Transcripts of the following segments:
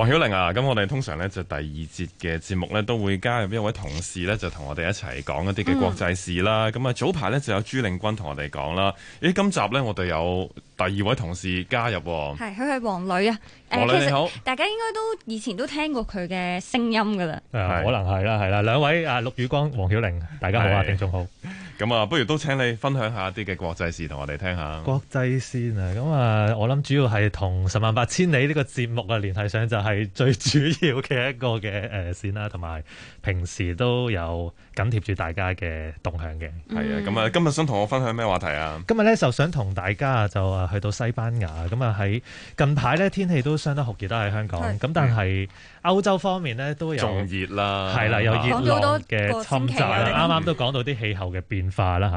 黃曉玲啊，咁我哋通常咧就第二節嘅節目咧都會加入一位同事咧就同我哋一齊講一啲嘅國際事啦。咁啊、嗯、早排咧就有朱令君同我哋講啦。咦、欸，今集咧我哋有第二位同事加入，喔，係佢係王磊啊。王磊、呃、你好，大家應該都以前都聽過佢嘅聲音噶是是啦。可能係啦，係啦。兩位啊，陸宇光、黃曉玲，大家好啊，是聽眾好。咁啊，不如都請你分享一下一啲嘅國際事同我哋聽下。國際線啊，咁啊，我諗主要係同十萬八千里呢個節目啊聯繫上，就係最主要嘅一個嘅誒線啦、啊，同埋平時都有緊貼住大家嘅動向嘅。係啊，咁啊，今日想同我分享咩話題啊？嗯、今日咧就想同大家就啊去到西班牙。咁啊喺近排咧天氣都相當酷熱都喺香港。咁但係歐洲方面咧都有仲熱啦，係啦、啊，有熱浪嘅侵襲，啱啱都講到啲氣候嘅變。化啦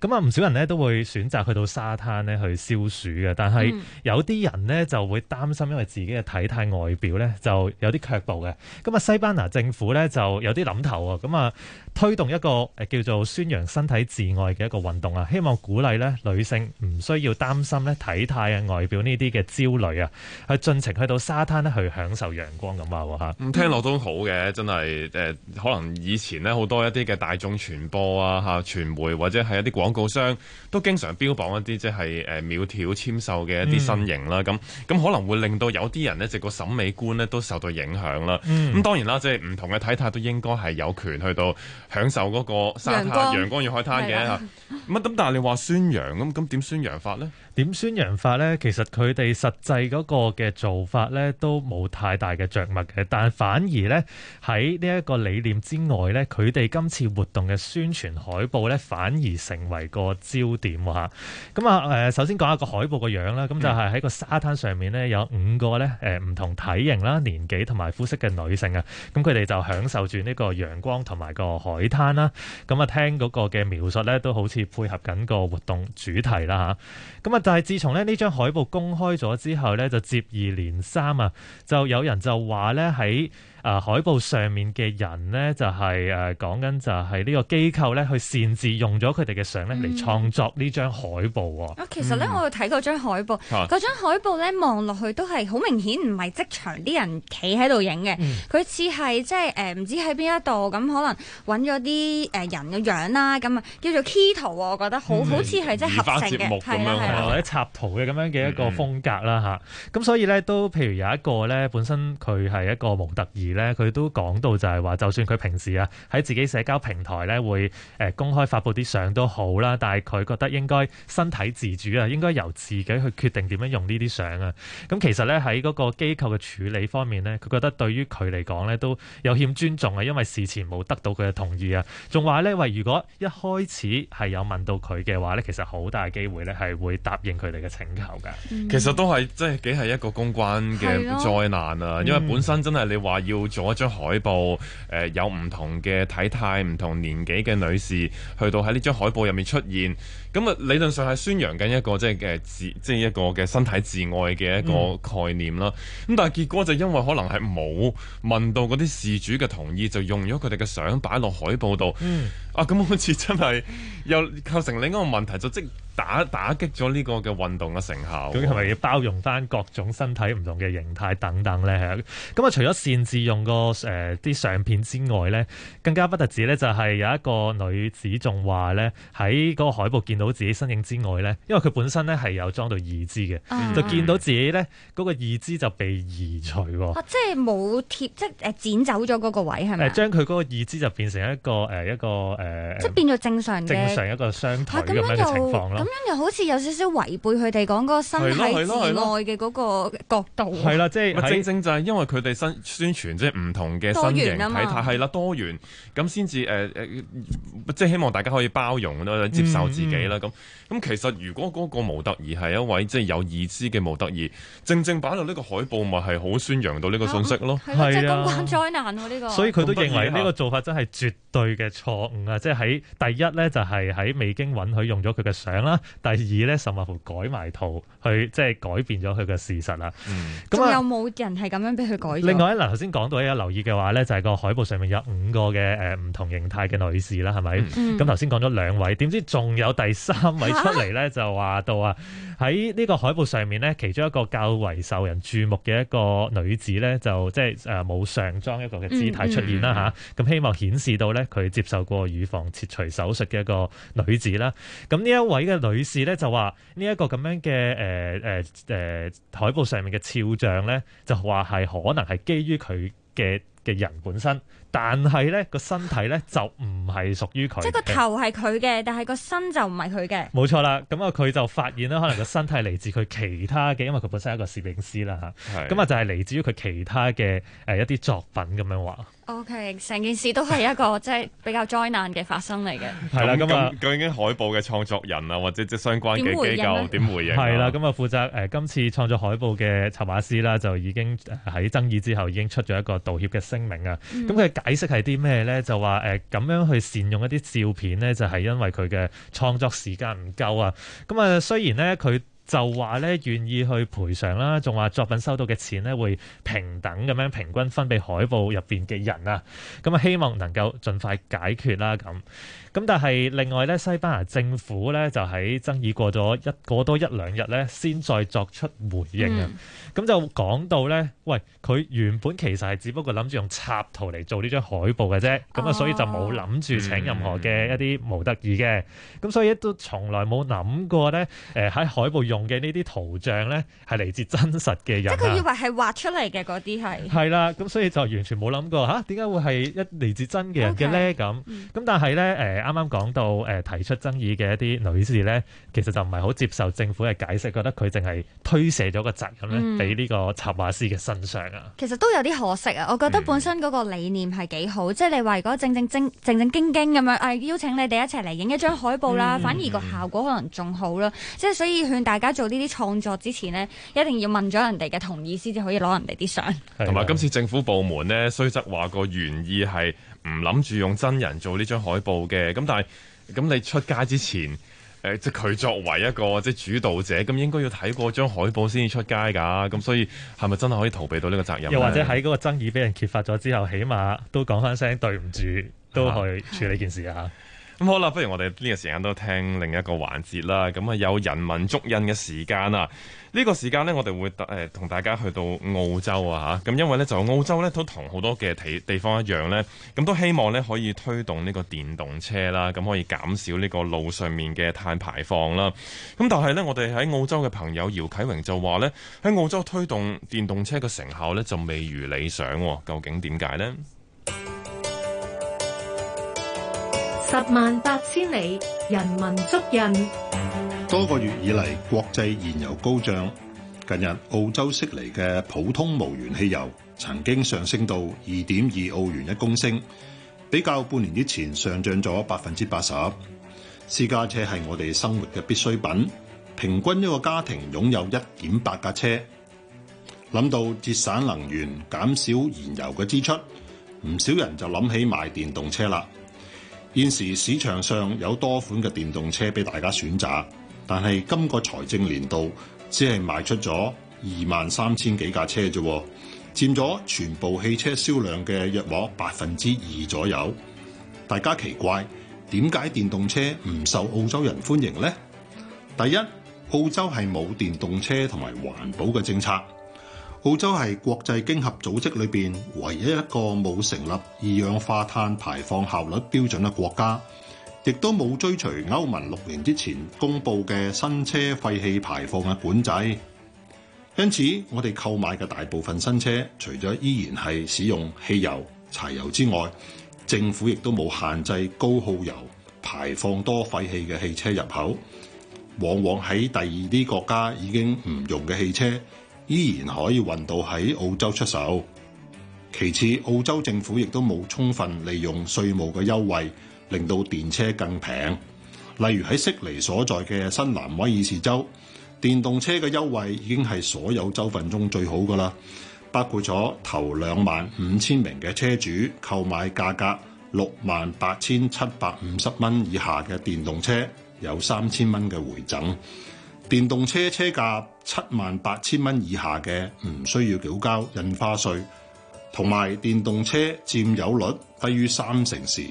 嚇，咁啊唔少人呢都會選擇去到沙灘呢去消暑嘅，但係有啲人呢就會擔心，因為自己嘅體態外表呢就有啲卻步嘅。咁啊，西班牙政府呢就有啲諗頭啊。咁啊，推動一個誒叫做宣揚身體自愛嘅一個運動啊，希望鼓勵呢女性唔需要擔心呢體態啊外表呢啲嘅焦慮啊，去盡情去到沙灘呢去享受陽光咁話喎嚇。咁聽落都好嘅，真係誒，可能以前呢好多一啲嘅大眾傳播啊嚇傳會或者係一啲廣告商都經常標榜一啲即係誒苗條纖瘦嘅一啲身形啦，咁咁、嗯、可能會令到有啲人呢直個審美觀呢都受到影響啦。咁、嗯、當然啦，即係唔同嘅體態都應該係有權去到享受嗰個沙灘陽光與海灘嘅。咁啊咁，但係你話宣揚咁咁點宣揚法呢？點宣揚法呢？其實佢哋實際嗰個嘅做法呢都冇太大嘅着墨嘅，但係反而呢，喺呢一個理念之外呢，佢哋今次活動嘅宣傳海報呢。反而成為個焦點喎嚇，咁啊誒，首先講下個海報個樣啦，咁、嗯、就係喺個沙灘上面咧，有五個咧誒唔同體型啦、年紀同埋膚色嘅女性啊，咁佢哋就享受住呢個陽光同埋個海灘啦，咁啊聽嗰個嘅描述咧，都好似配合緊個活動主題啦嚇，咁啊但係自從咧呢張海報公開咗之後咧，就接二連三啊，就有人就話咧喺。啊！海報上面嘅人呢，就係誒講緊就係呢個機構咧，去擅自用咗佢哋嘅相咧嚟創作呢張海報。啊、嗯，其實咧，我睇過張海報，嗰、嗯、張海報咧望落去都係好明顯唔係職場啲人企喺度影嘅，佢、嗯、似係即係唔知喺邊一度咁，可能揾咗啲人嘅樣啦，咁叫做 K 圖我覺得、嗯、好好似係即係合成嘅咁樣，或者、啊啊啊、插圖嘅咁樣嘅一個風格啦吓，咁所以咧都譬如有一個咧，本身佢係一個模特兒。咧佢都講到就係話，就算佢平時啊喺自己社交平台咧會誒公開發布啲相都好啦，但係佢覺得應該身體自主啊，應該由自己去決定點樣用呢啲相啊。咁其實咧喺嗰個機構嘅處理方面咧，佢覺得對於佢嚟講咧都有欠尊重啊，因為事前冇得到佢嘅同意啊。仲話咧喂，如果一開始係有問到佢嘅話咧，其實好大機會咧係會答應佢哋嘅請求㗎。嗯、其實都係即係幾係一個公關嘅災難啊，的因為本身真係你話要。要做一張海報，誒、呃，有唔同嘅體態、唔同年紀嘅女士，去到喺呢張海報入面出現。咁啊，理論上係宣揚緊一個即係嘅自，即係一個嘅身體自愛嘅一個概念啦。咁、嗯、但係結果就因為可能係冇問到嗰啲事主嘅同意，就用咗佢哋嘅相擺落海報度。嗯啊，咁好似真係又構成另一個問題，就即打打擊咗呢個嘅運動嘅成效。究竟係咪要包容翻各種身體唔同嘅形態等等咧？咁啊、嗯，除咗擅自用個誒啲相片之外咧，更加不特止咧，就係有一個女子仲話咧，喺嗰個海報見。到自己身形之外咧，因為佢本身咧係有裝到義肢嘅，就見到自己咧嗰個義肢就被移除，即係冇貼，即係誒剪走咗嗰個位係咪？誒，將佢嗰個義肢就變成一個誒一個誒，即係變咗正常嘅正常一個雙腿咁樣嘅情況咯。咁樣又好似有少少違背佢哋講嗰個身體自愛嘅嗰個角度。係啦，即係正正就係因為佢哋宣宣傳即係唔同嘅身形體態係啦，多元咁先至誒誒，即係希望大家可以包容啦，接受自己。啦咁咁，其實如果嗰個模特兒係一位即係有意識嘅模特兒，正正擺落呢個海報，咪係好宣揚到呢個信息咯，係啊，相關 journal 呢個，所以佢都認為呢個做法真係絕對嘅錯誤啊！即係喺第一咧，就係喺未經允許用咗佢嘅相啦；第二咧，甚至乎改埋圖去，即係改變咗佢嘅事實啦。咁、嗯、那有冇人係咁樣俾佢改？另外咧，嗱頭先講到有留意嘅話咧，就係、是、個海報上面有五個嘅誒唔同形態嘅女士啦，係咪？咁頭先講咗兩位，點知仲有第？三位出嚟咧就話到啊，喺呢個海報上面咧，其中一個較為受人注目嘅一個女子咧，就即係誒冇上裝一個嘅姿態出現啦吓，咁、嗯嗯、希望顯示到咧佢接受過乳房切除手術嘅一個女子啦。咁呢一位嘅女士咧就話，呢一個咁樣嘅誒誒誒海報上面嘅肖像咧，就話係可能係基於佢嘅嘅人本身。但係咧個身體咧就唔係屬於佢，即係個頭係佢嘅，但係個身就唔係佢嘅。冇錯啦，咁啊佢就發現咧，可能個身體嚟自佢其他嘅， 因為佢本身係一個攝影師啦吓，咁啊是的 就係嚟自於佢其他嘅誒一啲作品咁樣話。O K，成件事都係一個即係比較災難嘅發生嚟嘅。係啦， 咁啊，究竟海報嘅創作人啊，或者即相關嘅機構點回應？係啦，咁啊，負責誒、呃、今次創作海報嘅插畫師啦，就已經喺爭議之後已經出咗一個道歉嘅聲明啊。咁佢嘅解釋係啲咩咧？就話誒咁樣去善用一啲照片咧，就係、是、因為佢嘅創作時間唔夠啊。咁、嗯、啊，雖然咧佢。就話咧願意去賠償啦，仲話作品收到嘅錢咧會平等咁樣平均分俾海報入面嘅人啊，咁啊希望能夠盡快解決啦咁。咁但係另外咧，西班牙政府咧就喺爭議過咗一個多一兩日咧，先再作出回應啊。咁就講到咧，喂，佢原本其實係只不過諗住用插圖嚟做呢張海報嘅啫，咁啊，所以就冇諗住請任何嘅一啲模特兒嘅。咁所以都從來冇諗過咧，誒喺海報用嘅呢啲圖像咧係嚟自真實嘅人。即係佢以為係畫出嚟嘅嗰啲係。係啦，咁所以就完全冇諗過吓，點解會係一嚟自真嘅人嘅咧？咁咁但係咧，誒。啱啱講到誒、呃、提出爭議嘅一啲女士咧，其實就唔係好接受政府嘅解釋，覺得佢淨係推卸咗個責任咧，俾呢、嗯、個插畫師嘅身上啊。其實都有啲可惜啊，我覺得本身嗰個理念係幾好，即係你話如果正正正正，正正經經咁樣誒邀請你哋一齊嚟影一張海報啦，嗯、反而個效果可能仲好啦。即係、嗯、所以勸大家做呢啲創作之前呢，一定要問咗人哋嘅同意先至可以攞人哋啲相。同埋今次政府部門咧，雖則話個原意係唔諗住用真人做呢張海報嘅，咁但係咁你出街之前，誒、呃，即係佢作為一個即係主導者，咁應該要睇過張海報先至出街噶，咁所以係咪真係可以逃避到呢個責任？又或者喺嗰個爭議俾人揭發咗之後，起碼都講翻聲對唔住，都去處理件事啊？咁好啦，不如我哋呢個時間都聽另一個環節啦。咁啊有人文足印嘅時間啦呢、這個時間呢，我哋會誒、呃、同大家去到澳洲啊，吓、啊、咁，因為呢，就澳洲呢，都同好多嘅地方一樣呢，咁、啊、都希望呢，可以推動呢個電動車啦，咁、啊、可以減少呢個路上面嘅碳排放啦。咁、啊、但係呢，我哋喺澳洲嘅朋友姚啟榮就話呢，喺澳洲推動電動車嘅成效呢，就未如理想，啊，究竟點解呢？十萬八千里，人文足印。多個月以嚟，國際燃油高漲。近日，澳洲悉尼嘅普通無鉛汽油曾經上升到二點二澳元一公升，比較半年之前上漲咗百分之八十。私家車係我哋生活嘅必需品，平均一個家庭擁有一點八架車。諗到節省能源，減少燃油嘅支出，唔少人就諗起買電動車啦。現時市場上有多款嘅電動車俾大家選擇，但係今個財政年度只係賣出咗二萬三千幾架車啫，佔咗全部汽車銷量嘅約莫百分之二左右。大家奇怪點解電動車唔受澳洲人歡迎呢？第一，澳洲係冇電動車同埋環保嘅政策。澳洲係國際經合組織裏面唯一一個冇成立二氧化碳排放效率標準嘅國家，亦都冇追隨歐盟六年之前公布嘅新車廢氣排放嘅管制。因此，我哋購買嘅大部分新車，除咗依然係使用汽油、柴油之外，政府亦都冇限制高耗油、排放多廢氣嘅汽車入口。往往喺第二啲國家已經唔用嘅汽車，依然可以運到喺澳洲出售。其次，澳洲政府亦都冇充分利用稅務嘅優惠，令到電車更平。例如喺悉尼所在嘅新南威爾士州，電動車嘅優惠已經係所有州份中最好噶啦，包括咗頭兩萬五千名嘅車主購買價格六萬八千七百五十蚊以下嘅電動車，有三千蚊嘅回贈。電動車車價七萬八千蚊以下嘅唔需要繳交印花稅，同埋電動車佔有率低於三成時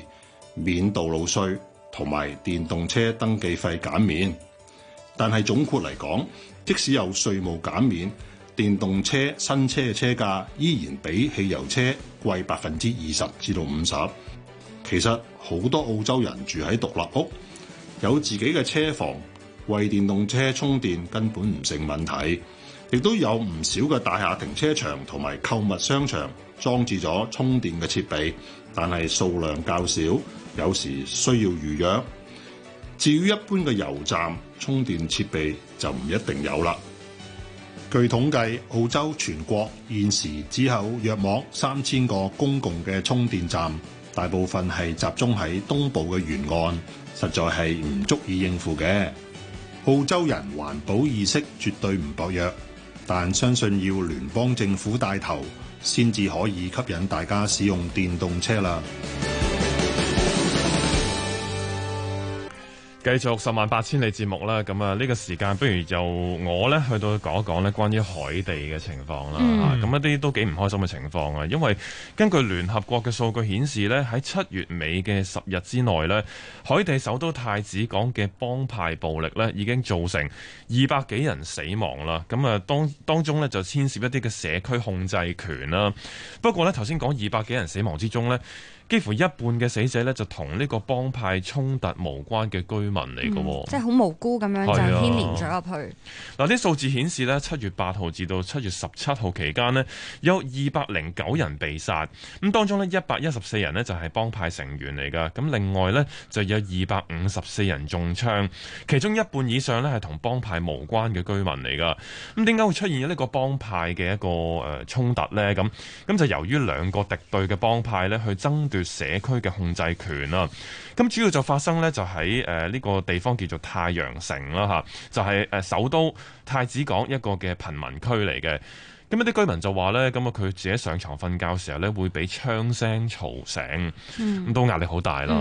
免道路稅，同埋電動車登記費減免。但係總括嚟講，即使有稅務減免，電動車新車嘅車價依然比汽油車貴百分之二十至到五十。其實好多澳洲人住喺獨立屋，有自己嘅車房。為電動車充電根本唔成問題，亦都有唔少嘅大廈停車場同埋購物商場裝置咗充電嘅設備，但係數量較少，有時需要預約。至於一般嘅油站，充電設備就唔一定有啦。據統計，澳洲全國現時只有約莫三千個公共嘅充電站，大部分係集中喺東部嘅沿岸，實在係唔足以應付嘅。澳洲人環保意識絕對唔薄弱，但相信要聯邦政府帶頭，先至可以吸引大家使用電動車啦。繼續十萬八千里節目啦，咁啊呢個時間不如由我呢去到講一講呢關於海地嘅情況啦。咁一啲都幾唔開心嘅情況啊，因為根據聯合國嘅數據顯示呢喺七月尾嘅十日之內呢海地首都太子港嘅幫派暴力呢已經造成二百幾人死亡啦。咁啊，當當中呢就牽涉一啲嘅社區控制權啦。不過呢，頭先講二百幾人死亡之中呢，幾乎一半嘅死者咧就同呢個幫派衝突無關嘅居民嚟嘅。哦嗯，即係好無辜咁樣就牽連咗入去。嗱的，啲數字顯示咧，七月八號至到七月十七號期間咧，有二百零九人被殺，咁當中咧一百一十四人咧就係幫派成員嚟㗎，咁另外咧就有二百五十四人中槍，其中一半以上咧係同幫派無關嘅居民嚟㗎。咁點解會出現咗呢個幫派嘅一個誒衝突咧？咁咁就由於兩個敵對嘅幫派咧去爭奪。社區嘅控制權啦，咁主要就發生呢，就喺誒呢個地方叫做太陽城啦吓，就係誒首都太子港一個嘅貧民區嚟嘅。咁一啲居民就話咧，咁啊佢自己上床瞓覺時候咧，會俾槍聲吵醒，咁、嗯、都壓力好大啦。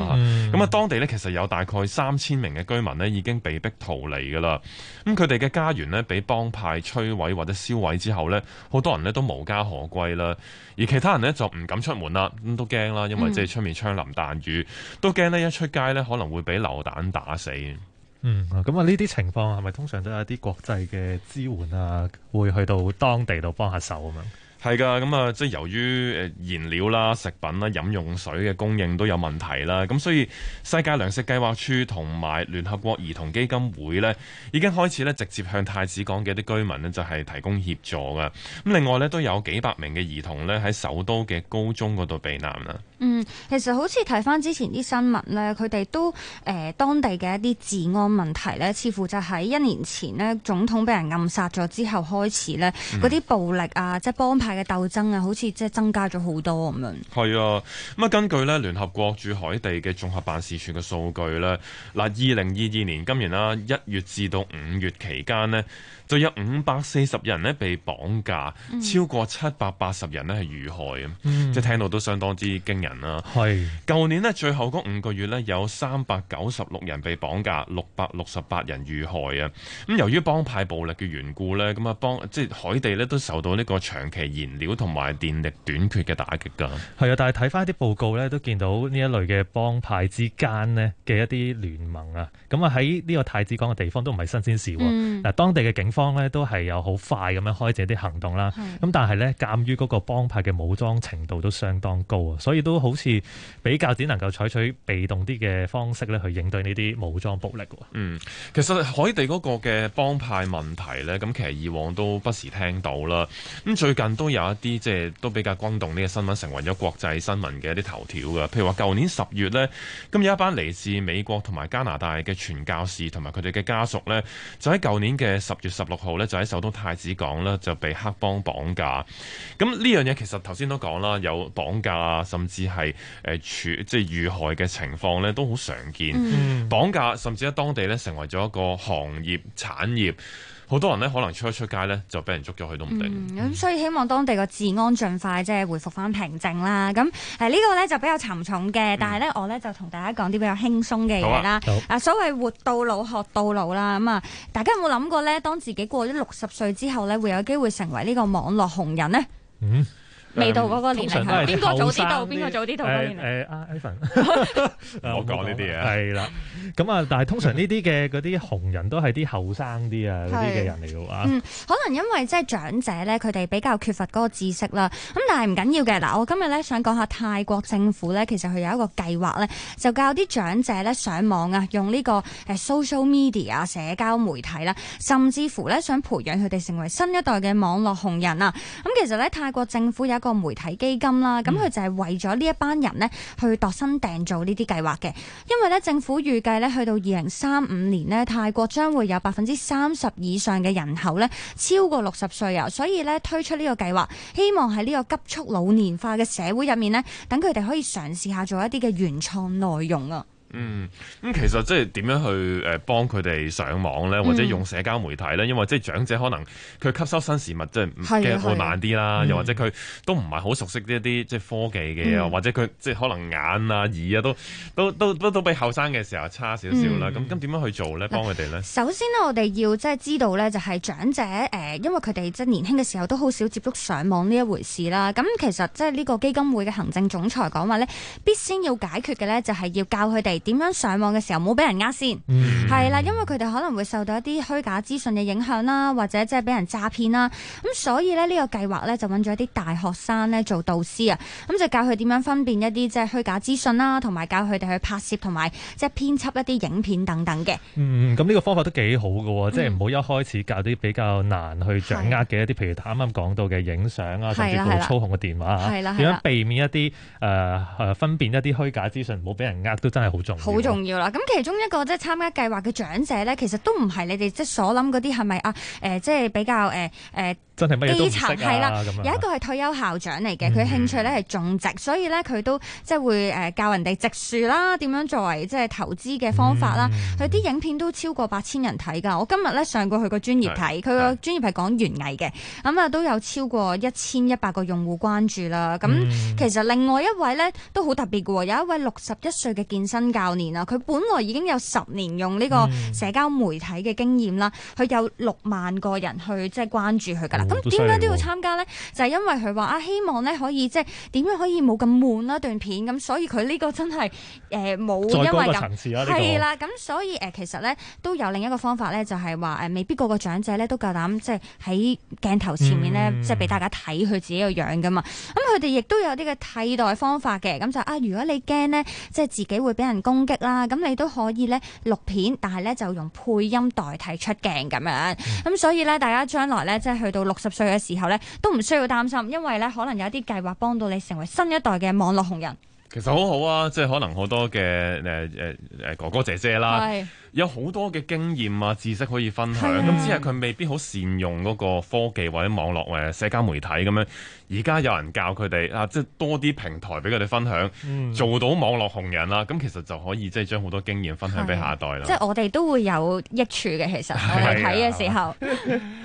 咁啊、嗯，當地咧其實有大概三千名嘅居民咧，已經被逼逃離噶啦。咁佢哋嘅家園咧，俾幫派摧毀或者燒毀之後咧，好多人咧都無家可歸啦。而其他人咧就唔敢出門啦，咁都驚啦，因為即係出面槍林彈雨，嗯、都驚呢一出街咧可能會俾流彈打死。嗯，咁啊呢啲情況係咪通常都有一啲國際嘅支援啊，會去到當地度幫下手咁樣？係㗎，咁啊，即係由於誒燃料啦、食品啦、飲用水嘅供應都有問題啦，咁所以世界糧食計劃署同埋聯合國兒童基金會呢已經開始咧直接向太子港嘅啲居民呢就係提供協助㗎。咁另外呢，都有幾百名嘅兒童呢喺首都嘅高中嗰度避難啦。嗯，其實好似睇返之前啲新聞呢，佢哋都誒、呃、當地嘅一啲治安問題呢，似乎就喺一年前呢，總統畀人暗殺咗之後開始呢，嗰啲、嗯、暴力啊，即、就、係、是、幫。派嘅鬥爭啊，好似即係增加咗好多咁樣。係啊，咁啊根據呢聯合國駐海地嘅綜合辦事處嘅數據呢，嗱二零二二年今年啦，一月至到五月期間呢，就有五百四十人呢被綁架，超過七百八十人呢係遇害，咁，即係、嗯、聽到都相當之驚人啦。係是，舊年呢，最後嗰五個月呢，有三百九十六人被綁架，六百六十八人遇害啊。咁由於幫派暴力嘅緣故呢，咁啊幫即係海地呢都受到呢個長期。燃料同埋電力短缺嘅打擊噶，係啊！但係睇翻啲報告咧，都見到呢一類嘅幫派之間咧嘅一啲聯盟啊，咁啊喺呢個太子港嘅地方都唔係新鮮事。嗱、嗯，當地嘅警方咧都係有好快咁樣開展啲行動啦。咁、嗯、但係咧，鑒於嗰個幫派嘅武裝程度都相當高啊，所以都好似比較只能夠採取被動啲嘅方式咧去應對呢啲武裝暴力。嗯，其實海地嗰個嘅幫派問題咧，咁其實以往都不時聽到啦。咁最近都。都有一啲即係都比較轟動呢個新聞，成為咗國際新聞嘅一啲頭條嘅，譬如話舊年十月咧，咁有一班嚟自美國同埋加拿大嘅傳教士同埋佢哋嘅家屬咧，就喺舊年嘅十月十六號咧，就喺首都太子港咧就被黑幫綁架。咁呢樣嘢其實頭先都講啦，有綁架甚至係誒處即係遇害嘅情況咧，都好常見。嗯，綁架甚至喺當地咧成為咗一個行業產業。好多人咧，可能出一出街咧，就俾人捉咗去都唔定，嗯。咁、嗯、所以希望當地個治安盡快即係恢復翻平靜啦。咁誒呢個咧就比較沉重嘅，嗯、但係咧我咧就同大家講啲比較輕鬆嘅嘢啦。好啊、好 所謂活到老學到老啦，咁啊，大家有冇諗過咧？當自己過咗六十歲之後咧，會有機會成為呢個網絡紅人呢？嗯。未到嗰個年齡，邊個早啲到？邊個早啲到？誒阿 Evan，我講呢啲嘢係啦，咁、欸、啊，Evan、 但係通常呢啲嘅嗰啲紅人都係啲後生啲啊，啲嘅是人嚟㗎喎啊，嗯，可能因為即係長者咧，佢哋比較缺乏嗰個知識啦，咁但係唔緊要嘅。嗱，我今日咧想講下泰國政府咧，其實佢有一個計劃咧，就教啲長者咧上網啊，用呢個誒 social media 啊、社交媒體啦，甚至乎咧想培養佢哋成為新一代嘅網絡紅人啊。咁其實咧，泰國政府有個媒體基金啦，咁佢就係為咗呢一班人呢去度身訂造呢啲計劃嘅，因為咧政府預計咧去到二零三五年呢，泰國將會有百分之三十以上嘅人口咧超過六十歲啊，所以咧推出呢個計劃，希望喺呢個急速老年化嘅社會入面呢，等佢哋可以嘗試下做一啲嘅原創內容啊。嗯，咁其實即係點樣去誒幫佢哋上網咧，或者用社交媒體咧？因為即係長者可能佢吸收新事物即係嘅會慢啲啦，嗯、又或者佢都唔係好熟悉一啲即係科技嘅，嗯、或者佢即係可能眼啊、耳啊都都都都都比後生嘅時候差少少啦。咁咁點樣去做咧？幫佢哋咧？首先我哋要即係知道咧，就係長者誒，因為佢哋即係年輕嘅時候都好少接觸上網呢一回事啦。咁其實即係呢個基金會嘅行政總裁講話咧，必先要解決嘅咧，就係要教佢哋。點樣上網嘅時候冇俾人呃先，係啦、嗯，因為佢哋可能會受到一啲虛假資訊嘅影響啦，或者即係俾人詐騙啦，咁所以呢，呢個計劃呢，就揾咗一啲大學生呢做導師啊，咁就教佢點樣分辨一啲即係虛假資訊啦，同埋教佢哋去拍攝同埋即係編輯一啲影片等等嘅。咁呢、嗯、個方法都幾好噶，嗯、即係唔好一開始教啲比較難去掌握嘅一啲，的譬如啱啱講到嘅影相啊，的甚至乎操控個電話點的樣避免一啲誒的、呃、分辨一啲虛假資訊，唔好俾人呃都真係好。好重要啦！咁其中一個即係參加計劃嘅長者咧，其實都唔係你哋即係所諗嗰啲係咪啊？誒，即係比較誒、呃呃真係咩、啊？嘢都識係啦，有一個係退休校長嚟嘅，佢、嗯、興趣咧係種植，所以咧佢都即係會誒教人哋植樹啦，點樣作為即係投資嘅方法啦。佢啲、嗯、影片都超過八千人睇㗎。我今日咧上過佢個專業睇，佢個對專業係講園藝嘅，咁啊都有超過一千一百個用戶關注啦。咁、嗯、其實另外一位咧都好特別嘅喎，有一位六十一歲嘅健身教練啊，佢本來已經有十年用呢個社交媒體嘅經驗啦，佢有六萬個人去即係關注佢㗎啦。嗯咁點解都要參加呢？哦、就係因為佢話啊，希望咧可以即係點樣可以冇咁悶啦、啊、段片咁，所以佢呢個真係冇、呃、因為係、啊、啦，咁個所以、呃、其實咧都有另一個方法咧，就係話未必個個長者咧都夠膽即係喺鏡頭前面咧即係俾大家睇佢自己個樣噶嘛。咁佢哋亦都有啲嘅替代方法嘅。咁就啊，如果你驚呢，即係自己會俾人攻擊啦，咁你都可以咧錄片，但係咧就用配音代替出鏡咁樣。咁、嗯、所以咧大家將來咧即係去到六十歲嘅時候咧，都唔需要擔心，因為咧可能有一啲計劃幫到你成為新一代嘅網絡紅人。其實好好啊，即係可能好多嘅誒誒誒哥哥姐姐啦，是有好多嘅經驗啊、知識可以分享。咁只係佢未必好善用嗰個科技或者網絡誒社交媒體咁樣。而家有人教佢哋啊，即係多啲平台俾佢哋分享，嗯、做到網絡紅人啦。咁其實就可以即係將好多經驗分享俾下一代啦。即係、就是、我哋都會有益處嘅。其實我哋睇嘅時候。的